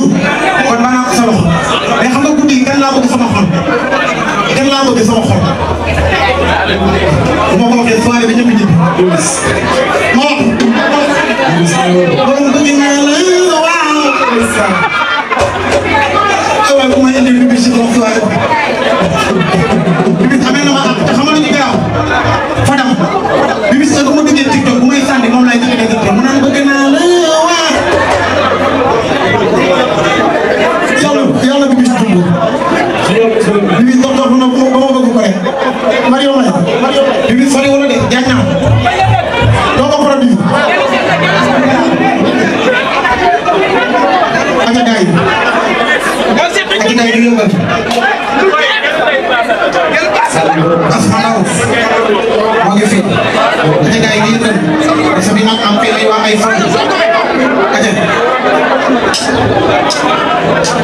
Mourou kon maa naa ko sa loxo mais xam nga guddi gi kan laa bëgg sama xol kan laa bëgg sama xol bu ma ko waxee soirée bi ñëpp ñibbi moo bëgg naa la waaw waaye bu ma indi bi bi si soirée bi bi amee na ma te xamal ñu gaaw